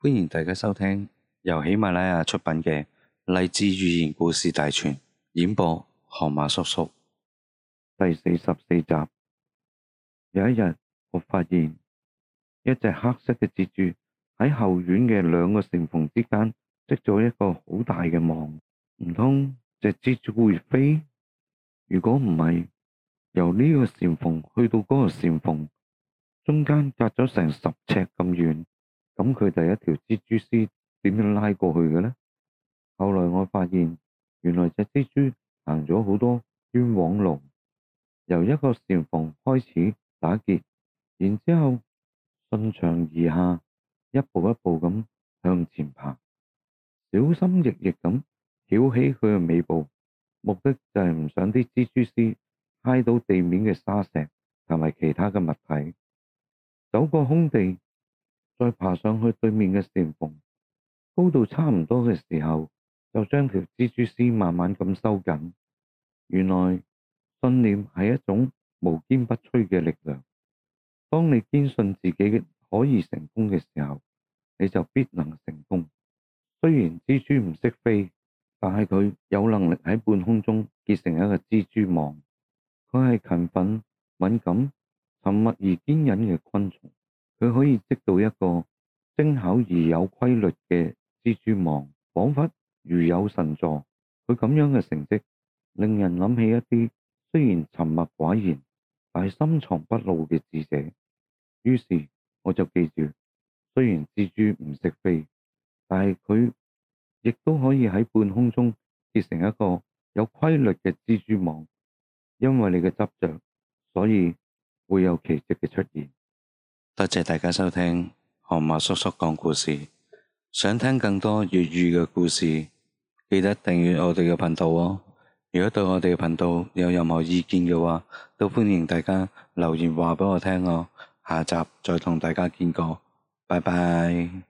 歡迎大家收聽由喜馬拉雅出品嘅《勵志寓言故事大全》，演播河馬叔叔。第四十四集，有一日，我發現一隻黑色嘅蜘蛛喺後院嘅兩個扇縫之間織咗一個好大嘅網。唔通隻蜘蛛會飛？如果唔係，由呢個扇縫去到個扇縫，中間隔咗成十尺咁遠。咁佢第一條蜘蛛絲點樣拉過去嘅咧？後來我發現，原來隻蜘蛛行咗好多冤枉路，由一個禪房開始打結，然之後順長而下，一步一步咁向前爬，小心翼翼咁翹起佢嘅尾部，目的就係唔想啲蜘蛛絲拉到地面嘅沙石同埋其他嘅物體，走過空地。再爬上去對面嘅線縫，高度差唔多嘅時候，就將條蜘蛛絲慢慢咁收緊。原來信念係一種無堅不摧嘅力量。當你堅信自己可以成功嘅時候，你就必能成功。雖然蜘蛛唔識飛，但係佢有能力喺半空中結成一個蜘蛛網。佢係勤奮、敏感、沉默而堅忍嘅昆蟲。佢可以織到一個精巧而有規律嘅蜘蛛網，仿佛如有神助。佢咁樣嘅成績，令人諗起一啲雖然沉默寡言，但係深藏不露嘅智者。於是我就記住，雖然蜘蛛唔識飛，但係佢亦都可以喺半空中結成一個有規律嘅蜘蛛網。因為你嘅執着，所以會有奇跡嘅出現。多謝大家收聽河馬叔叔講故事。想聽更多粵語嘅故事，記得訂閱我哋嘅頻道哦。如果對我哋嘅頻道有任何意見嘅話，都歡迎大家留言話俾我聽哦。下集再同大家見過，拜拜。